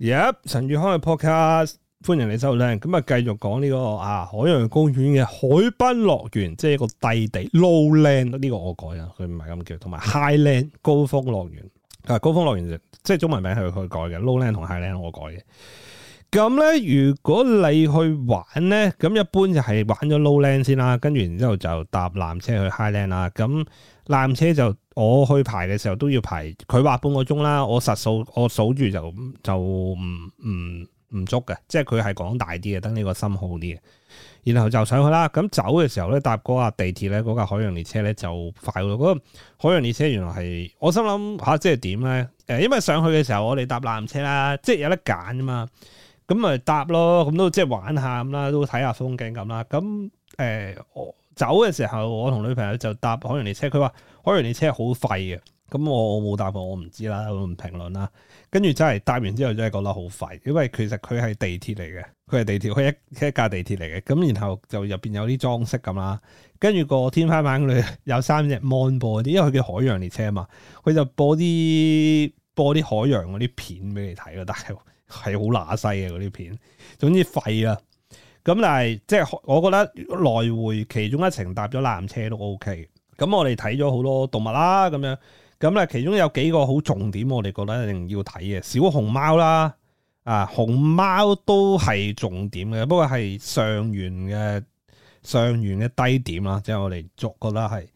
Yep 陳宇康嘅 podcast，歡迎你收聽，咁、這個、啊繼續講呢個啊海洋公園嘅海濱樂園，即係一個低地 low land 呢個我改啊，佢唔係咁叫，同埋 high land 高峰樂園，啊高峰樂園即係中文名係佢改嘅，low land 同 high land 我改嘅。咁咧，如果你去玩咧，咁一般就係玩咗 Low Land 先啦，跟住然之後就搭纜車去 High Land 啦。咁、嗯、纜車就我去排嘅時候都要排，佢話半個鐘啦，我實數我數住就就唔唔唔足嘅，即係佢係講大啲嘅，等你個心好啲嘅。然後就上去啦。咁、嗯、走嘅時候咧，搭嗰架地鐵咧，嗰架海洋列車咧就快咯。嗰、那個海洋列車原來係我心諗吓、啊，即係點咧？誒、呃，因為上去嘅時候我哋搭纜車啦，即係有得揀啊嘛。咁咪搭咯，咁都即係玩下咁啦，都睇下風景咁啦。咁誒、欸，我走嘅時候，我同女朋友就搭海洋列車。佢話海洋列車好廢嘅。咁我冇搭過，我唔知啦，我唔評論啦。跟住真係搭完之後，真係覺得好廢，因為其實佢係地鐵嚟嘅，佢係地鐵，佢一一架地鐵嚟嘅。咁然後就入邊有啲裝飾咁啦，跟住個天花板嗰度有三隻 mon 播啲，因為佢叫海洋列車啊嘛，佢就播啲播啲海洋嗰啲片俾你睇咯，但係，係好乸西嘅嗰啲片，總之廢啦。咁但係即係，我覺得來回其中一程搭咗纜車都 O K。咁我哋睇咗好多動物啦，咁樣咁咧，其中有幾個好重點，我哋覺得一定要睇嘅，小熊貓啦，啊，熊貓都係重點嘅，不過係上元嘅上元嘅低點啦，即係我哋逐覺得係。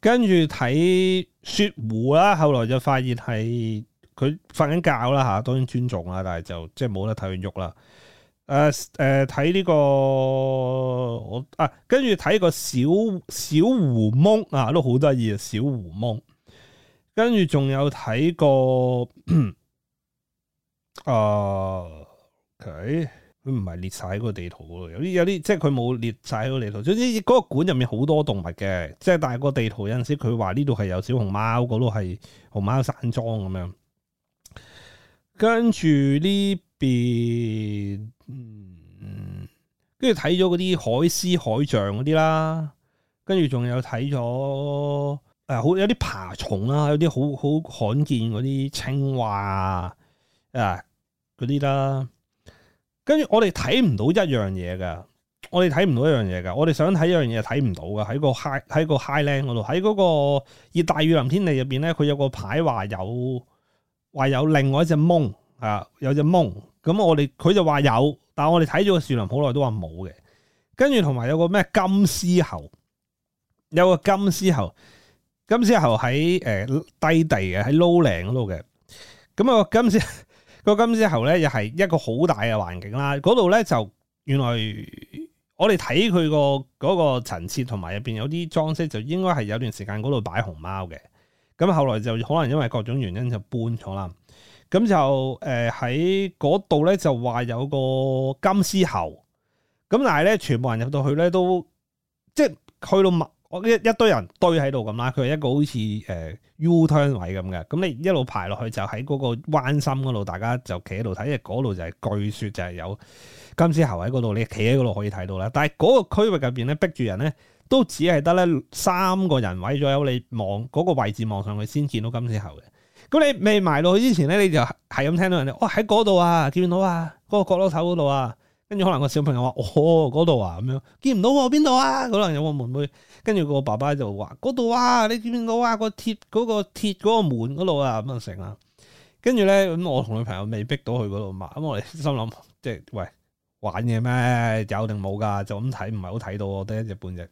跟住睇雪狐啦，後來就發現係。佢瞓緊覺啦吓，當然尊重啦，但係就即係冇得睇佢喐啦。誒、呃、誒，睇、呃、呢、這個我啊，跟住睇個小小狐獴啊，都好得意啊，小狐獴。跟住仲有睇個啊，佢唔係列晒喺個地圖嗰度，有啲有啲即係佢冇列晒喺個地圖。總之嗰個館入面好多動物嘅，即係但係個地圖有陣時佢話呢度係有小熊貓，嗰度係熊貓山莊咁樣。跟住呢邊，跟住睇咗嗰啲海獅、海象嗰啲啦，跟住仲有睇咗誒，好有啲爬蟲啦，有啲好好罕見嗰啲青蛙啊，誒嗰啲啦。跟住、啊、我哋睇唔到一樣嘢噶，我哋睇唔到一樣嘢噶，我哋想睇一樣嘢，睇唔到噶。喺個 high 喺個 highland 嗰度，喺嗰個熱帶雨林天地入邊咧，佢有個牌話有。話有另外一隻獴，啊，有隻獴，咁我哋佢就話有，但係我哋睇咗個樹林好耐都話冇嘅，跟住同埋有個咩金絲猴，有個金絲猴，金絲猴喺誒低地嘅，喺撈嶺嗰度嘅，咁、個金絲、個金絲猴咧又係一個好大嘅環境啦，嗰度咧就原來我哋睇佢個嗰個層次同埋入邊有啲裝飾就應該係有段時間嗰度擺熊貓嘅。咁後來就可能因為各種原因，就搬咗啦，咁就誒喺嗰度咧就話有個金絲猴，咁但係咧全部人入到去咧都即係去到我一一堆人堆喺度咁啦，佢係一個好似誒 U turn 位咁嘅，咁你一路排落去就喺嗰個彎心嗰度，大家就企喺度睇，因為嗰度就係據說就係有金絲猴喺嗰度，你企喺嗰度可以睇到啦。但係嗰個區域入邊咧逼住人咧。都只係得咧三個人位咗有你望嗰個位置望上去先見到金絲猴嘅。咁你未埋落去之前咧，你就係咁聽到人哋，哦喺嗰度啊，見到啊，嗰個角落頭嗰度啊。跟住可能個小朋友話，哦嗰度啊咁樣，見唔到邊度啊？可能有個門會。跟住個爸爸就話，嗰度啊，你見唔到啊？個鐵嗰個鐵嗰個門嗰度啊，咁啊成啦。跟住咧咁，我同女朋友未逼到去嗰度嘛。咁我哋心諗即係喂玩嘢咩？有定冇噶？就咁睇唔係好睇到，得一隻半隻。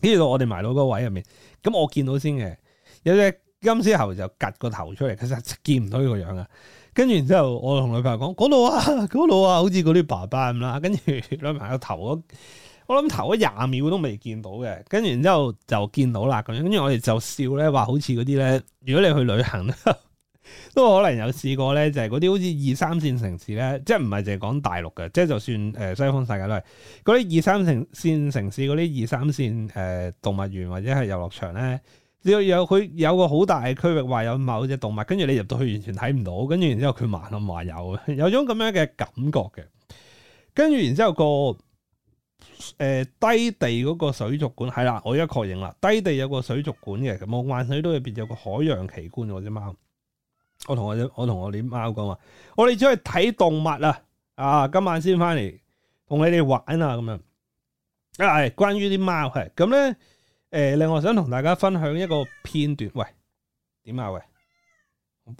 跟住到我哋埋到個位入面，咁我見到先嘅，有隻金絲猴就趷個頭出嚟，其實見唔到呢個樣啊。跟住然之後，我同女朋友講：嗰度啊，嗰度啊，好似嗰啲爸爸咁啦。跟住女朋友頭我我諗頭，廿秒都未見到嘅。跟住然之後就見到啦，咁樣跟住我哋就笑咧，話好似嗰啲咧，如果你去旅行。都可能有試過咧，就係嗰啲好似二三線城市咧，即係唔係淨係講大陸嘅，即係就算誒西方世界都係嗰啲二三城線城市嗰啲二三線誒動物園或者係遊樂場咧，只要有佢有個好大嘅區域，話有某隻動物，跟住你入到去完全睇唔到，跟住然之後佢埋咁埋有，有種咁樣嘅感覺嘅。跟住然之後、那個誒、呃、低地嗰個水族館係啦，我而家確認啦，低地有個水族館嘅，望萬水都入邊有個海洋奇觀嗰隻貓。我同我啲我同我啲貓講話，我哋出去睇動物啊！啊，今晚先翻嚟同你哋玩啦咁樣。啊，係關於啲貓係咁咧。誒，另外想同大家分享一個片段。喂，點啊？喂，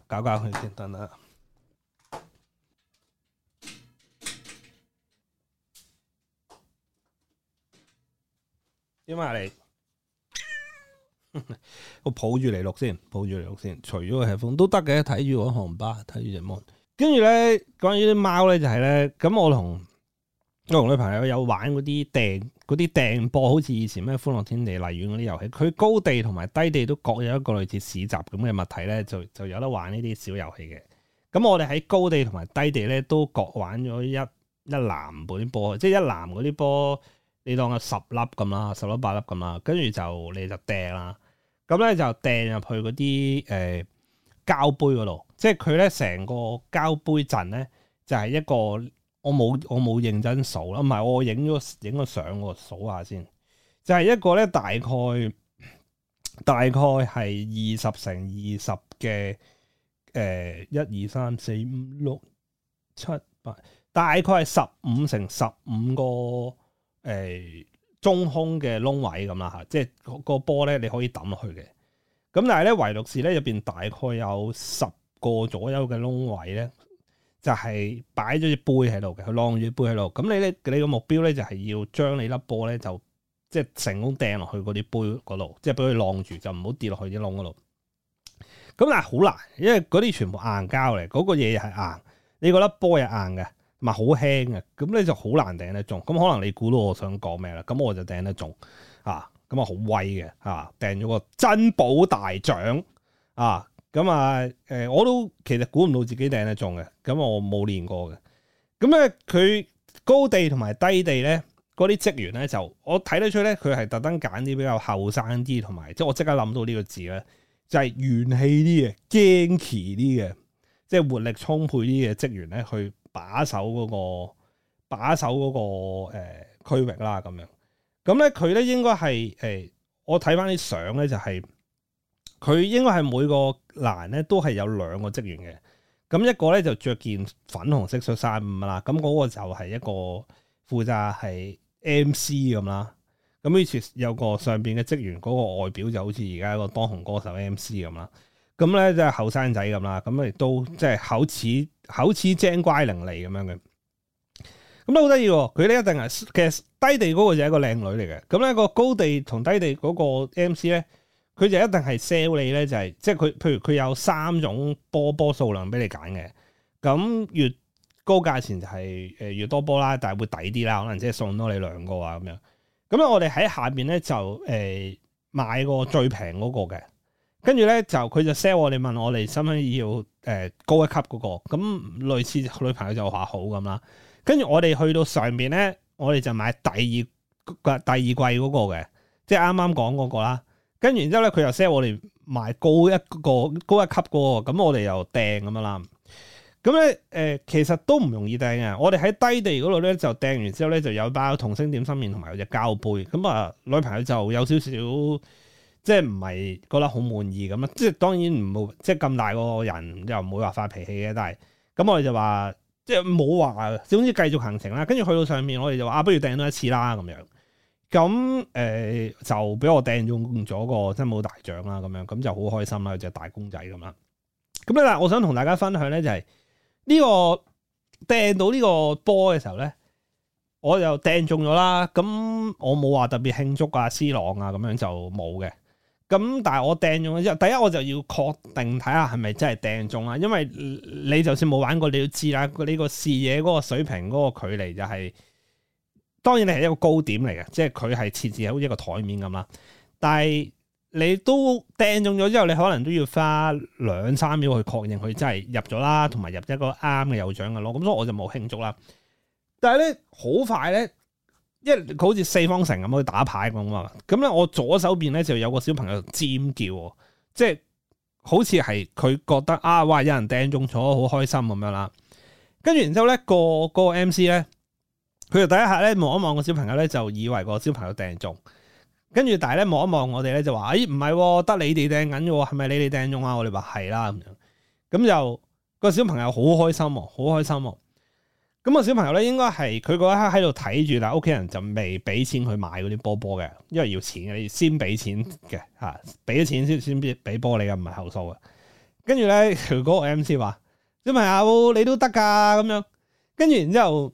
搞搞佢先，等等。點啊你？ 我抱住嚟錄先，抱住嚟錄先。除咗個係風都得嘅，睇住我行巴，睇住隻 mon。跟住咧，關於啲貓咧，就係、是、咧。咁我同我同女朋友有玩嗰啲掟嗰啲掟波，好似以前咩歡樂天地、荔園嗰啲遊戲。佢高地同埋低地都各有一個類似市集咁嘅物體咧，就就有得玩呢啲小遊戲嘅。咁我哋喺高地同埋低地咧，都各玩咗一一籃本啲波，即係一籃嗰啲波。你當十粒咁啦，十粒八粒咁啦，跟住就你就掟啦，咁咧就掟入去嗰啲誒膠杯嗰度，即係佢咧成個膠杯陣咧就係一個，我冇我冇認真數啦，唔係我影咗影個相，我數下先，就係一個咧大概大概係二十乘二十嘅誒一二三四五六七八，大概係十五乘十五個。誒、呃、中空嘅窿位咁啦嚇，即係個波咧你可以抌落去嘅。咁但係咧維六士咧入邊大概有十個左右嘅窿位咧，就係擺咗隻杯喺度嘅，佢晾住杯喺度。咁你咧你個目標咧就係要將你粒波咧就即係、就是、成功掟落去嗰啲杯嗰度，即係俾佢晾住，就唔好跌落去啲窿嗰度。咁但係好難，因為嗰啲全部硬膠嚟，嗰、那個嘢係硬，你個粒波又硬嘅。咪好輕嘅，咁咧、嗯、就好難掟得中。咁可能你估到我想講咩啦？咁我就掟得中啊！咁啊好威嘅啊！掟咗個珍寶大獎啊！咁啊誒、呃，我都其實估唔到自己掟得中嘅。咁我冇練過嘅。咁咧佢高地同埋低地咧，嗰啲職員咧就我睇得出咧，佢係特登揀啲比較後生啲，同埋即係我即刻諗到呢個字咧，就係、是、元氣啲嘅、驚奇啲嘅，即係活力充沛啲嘅職員咧去把守嗰、嗰個，把守、嗰個誒區、呃、域啦，咁樣，咁咧佢咧應該係誒，我睇翻啲相咧就係、是，佢應該係每個欄咧都係有兩個職員嘅，咁一個咧就着件粉紅色恤衫咁啦，咁嗰個就係一個負責係 M C 咁啦，咁於是有個上邊嘅職員嗰個外表就好似而家一個當紅歌手 M C 咁啦。咁咧即係後生仔咁啦，咁咪都即係口齒口齒精乖伶俐咁樣嘅。咁都好得意喎！佢咧一定係其實低地嗰個就係一個靚女嚟嘅。咁、那、咧個高地同低地嗰個 MC 咧，佢就一定係 sell 你咧就係即係佢，譬如佢有三種波波數量俾你揀嘅。咁越高價錢就係誒越多波啦，但係會抵啲啦，可能即係送多你兩個啊咁樣。咁咧我哋喺下邊咧就誒買個最平嗰、那個嘅。跟住咧就佢就 sell 我哋問，問我哋使唔使要誒、呃、高一級嗰、嗰個？咁、嗯、類似女朋友就話好咁啦。跟住我哋去到上面咧，我哋就買第二季第二季嗰個嘅，即係啱啱講嗰個啦。跟住然之後咧，佢又 sell 我哋買高一個高一級、嗰個，咁、嗰個嗯、我哋又掟咁樣啦。咁咧誒，其實都唔容易掟嘅。我哋喺低地嗰度咧就掟完之後咧就有包同星點心麵同埋有隻膠杯。咁、嗯、啊、呃，女朋友就有少少，少。即係唔係覺得好滿意咁啊？即係當然唔好。即係咁大個人又唔會話發脾氣嘅。但係咁我哋就話，即係冇話，總之繼續行程啦。跟住去到上面，我哋就話啊，不如掟多一次啦咁樣。咁、嗯、誒、呃、就俾我掟中咗個真係冇大獎啦，咁樣咁就好開心啦，隻大公仔咁啦。咁咧，我想同大家分享咧、就是，就係呢個掟到呢個波嘅時候咧，我又掟中咗啦。咁我冇話特別慶祝啊、C 朗啊，咁樣就冇嘅。咁但係我掟中咗之後，第一我就要確定睇下係咪真係掟中啦。因為你就算冇玩過，你要知啦，呢個視野嗰個水平嗰個距離就係，當然你係一個高點嚟嘅，即係佢係設置喺一個台面咁啦。但係你都掟中咗之後，你可能都要花兩三秒去確認佢真係入咗啦，同埋入一個啱嘅有獎嘅囉。咁所以我就冇慶祝啦。但係咧好快咧～因為佢好似四方城咁去打牌咁啊，咁咧我左手邊咧就有個小朋友尖叫喎，即係好似係佢覺得啊，哇，有人掟中咗，好開心咁樣啦。跟住然之後咧，那個個 MC 咧，佢就第一下咧望一望個小朋友咧，就以為個小朋友掟中。跟住但係咧望一望我哋咧就話，哎唔係，得、哦、你哋掟緊喎，係咪你哋掟中啊？我哋話係啦咁樣，咁就、那個小朋友好開心、哦，好開心、哦。咁個小朋友咧，應該係佢嗰一刻喺度睇住啦，屋企人就未俾錢去買嗰啲波波嘅，因為要錢嘅，你先俾錢嘅吓，俾、啊、咗錢先先俾俾波你嘅，唔係後數嘅。跟住咧，佢、那、嗰個 M C 話：小朋友你都得噶咁樣。跟住然之後，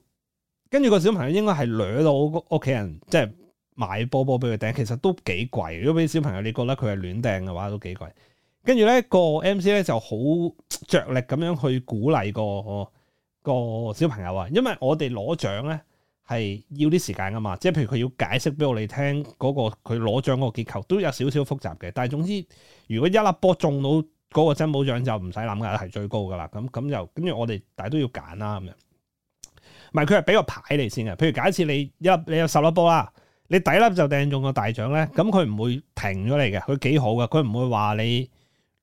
跟住個小朋友應該係攞到屋企人，即、就、係、是、買波波俾佢掟，其實都幾貴。如果俾小朋友你覺得佢係亂掟嘅話，都幾貴。跟住咧個 M C 咧就好着力咁樣去鼓勵、那個。個小朋友啊，因為我哋攞獎咧係要啲時間噶嘛，即係譬如佢要解釋俾我哋聽嗰個佢攞獎嗰個結構都有少少複雜嘅，但係總之如果一粒波中到嗰個珍寶獎就唔使諗噶啦，係最高噶啦，咁咁又跟住我哋但係都要揀啦咁樣。唔係佢係俾個牌嚟先嘅，譬如假設你一你有十粒波啦，你第一粒就掟中個大獎咧，咁佢唔會停咗你嘅，佢幾好嘅，佢唔會話你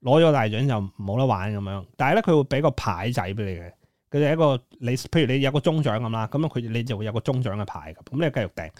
攞咗大獎就冇得玩咁樣，但係咧佢會俾個牌仔俾你嘅。佢哋一個你，譬如你有個中獎咁啦，咁樣佢你就會有個中獎嘅牌嘅，咁你繼續掟，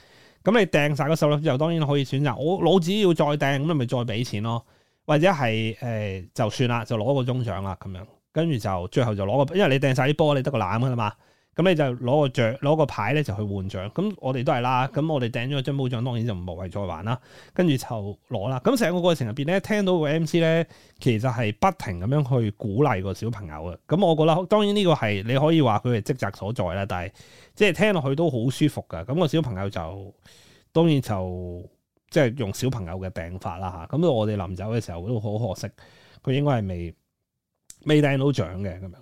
咁你掟晒個數率之後，當然可以選擇我老子要再掟，咁咪再俾錢咯，或者係誒、欸、就算啦，就攞個中獎啦，咁樣跟住就最後就攞個，因為你掟晒啲波，你得個攬嘅啦嘛。咁、嗯、你就攞個獎，攞個牌咧就去換獎。咁、嗯、我哋都係啦，咁、嗯、我哋掟咗張冇獎，當然就無謂再玩啦。跟住就攞啦。咁、嗯、成個過程入邊咧，聽到個 MC 咧，其實係不停咁樣去鼓勵個小朋友嘅。咁、嗯、我覺得當然呢個係你可以話佢係職責所在啦，但係即係聽落去都好舒服㗎。咁、嗯、那個小朋友就當然就即係、就是、用小朋友嘅掟法啦嚇。咁、啊、到、嗯、我哋臨走嘅時候都好可惜，佢應該係未未掟到獎嘅咁樣。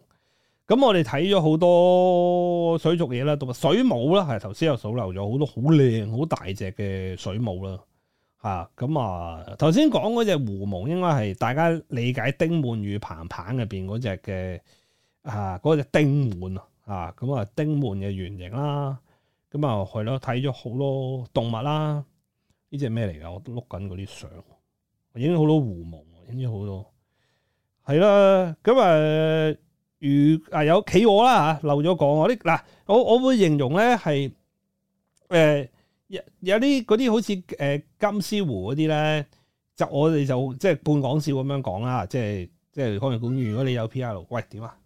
咁、嗯、我哋睇咗好多水族嘢啦，同埋水母啦，係頭先又數漏咗好多好靚、好大隻嘅水母啦，吓咁啊！頭先講嗰隻狐獴應該係大家理解丁滿與彭彭入邊嗰隻嘅啊，嗰隻丁滿啊，吓、嗯、咁啊丁滿嘅原型啦，咁啊係咯，睇咗好多動物啦，呢隻咩嚟噶？我碌緊嗰啲相，影咗好多狐獴，影咗好多，係啦，咁啊。嗯嗯嗯嗯嗯如啊有企鵝啦嚇，漏咗講我啲嗱、啊、我我會形容咧係誒有有啲嗰啲好似誒金絲狐嗰啲咧，就我哋就即係半講笑咁樣講啦，即係即係海洋公園。如果你有 PR 喂點啊？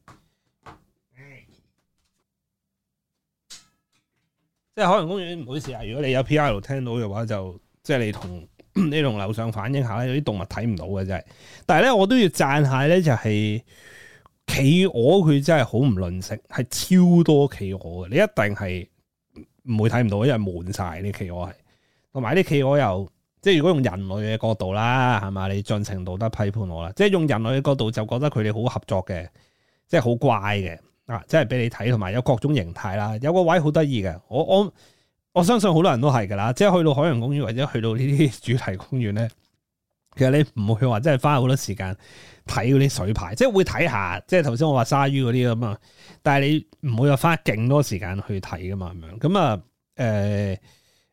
即係海洋公園唔好意思啊！如果你有 PR 聽到嘅話，就即係你同呢棟樓上反映下啦。有啲動物睇唔到嘅真係， 但係咧我都要讚下咧就係、是。企鵝佢真係好唔吝嗇，係超多企鵝嘅，你一定係唔會睇唔到，因為滿晒啲企鵝係，同埋啲企鵝又即係如果用人類嘅角度啦，係嘛？你盡情道德批判我啦，即係用人類嘅角度就覺得佢哋好合作嘅，即係好乖嘅，啊，即係俾你睇，同埋有各種形態啦，有個位好得意嘅，我我我相信好多人都係噶啦，即係去到海洋公園或者去到呢啲主題公園咧。其實你唔會去話真係花好多時間睇嗰啲水牌，即係會睇下，即係頭先我話鯊魚嗰啲咁啊。但係你唔會有花勁多時間去睇噶嘛，咁樣咁啊？誒、呃、誒、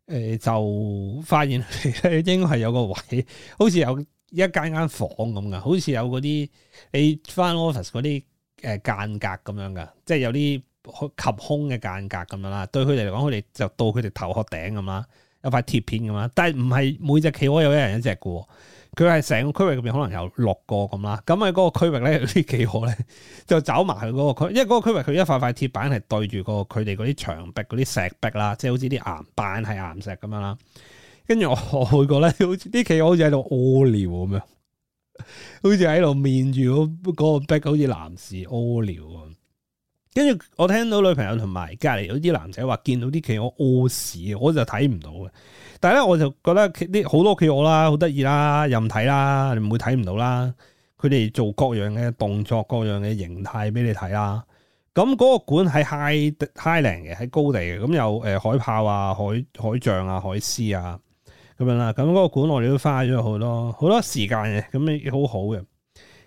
呃，就發現咧，應該係有個位，好似有一間間房咁噶，好似有嗰啲你翻 office 嗰啲誒間隔咁樣噶，即係有啲及空嘅間隔咁樣啦。對佢哋嚟講，佢哋就到佢哋頭殼頂咁啦，有塊鐵片噶嘛。但係唔係每隻企鵝有一人一隻噶。佢係成個區域入面可能有六個咁啦，咁喺嗰個區域咧，啲企鵝咧就走埋去嗰個區，因為嗰個區域佢一塊塊鐵板係對住個佢哋嗰啲牆壁嗰啲石壁啦，即係好似啲岩板係岩石咁樣啦。跟住我去過咧，好似啲企鵝好似喺度屙尿咁樣，好似喺度面住嗰個壁，好似男士屙尿咁。跟住我聽到女朋友同埋隔籬有啲男仔話見到啲企鵝屙屎，我就睇唔到嘅。但係咧我就覺得啲好多企鵝啦，好得意啦，任睇啦，你唔會睇唔到啦。佢哋做各樣嘅動作，各樣嘅形態俾你睇啦。咁嗰個館係 high high level 嘅，喺高地嘅。咁有誒海豹啊、海海象啊、海獅啊咁樣啦。咁嗰個館我哋都花咗好多好多時間嘅，咁亦好好嘅。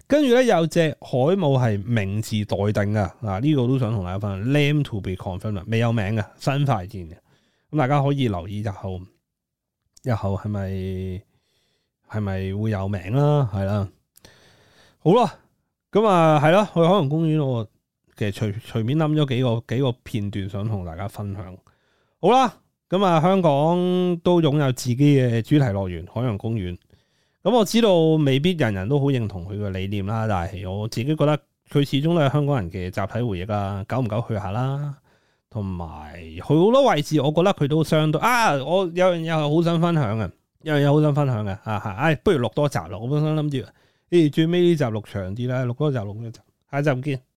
跟住咧有隻海母係名字待定噶，嗱、啊、呢、這個都想同大家分享。Name to be confirmed，未有名嘅新快件，咁、嗯、大家可以留意日後，日後係咪係咪會有名啦？係啦，好啦，咁啊係咯，去海洋公園我其實隨隨便諗咗幾個幾個片段想同大家分享。好啦，咁、嗯、啊、嗯、香港都擁有自己嘅主題樂園海洋公園。咁、嗯、我知道未必人人都好認同佢嘅理念啦，但係我自己覺得佢始終都係香港人嘅集體回憶啦，久唔久去下啦，同埋好多位置，我覺得佢都相當啊。我有樣嘢好想分享嘅，有樣嘢好想分享嘅啊，係，哎，不如錄多集咯，我本身諗住，誒、哎，最尾呢集錄長啲啦，錄多集，錄多集，下一集見。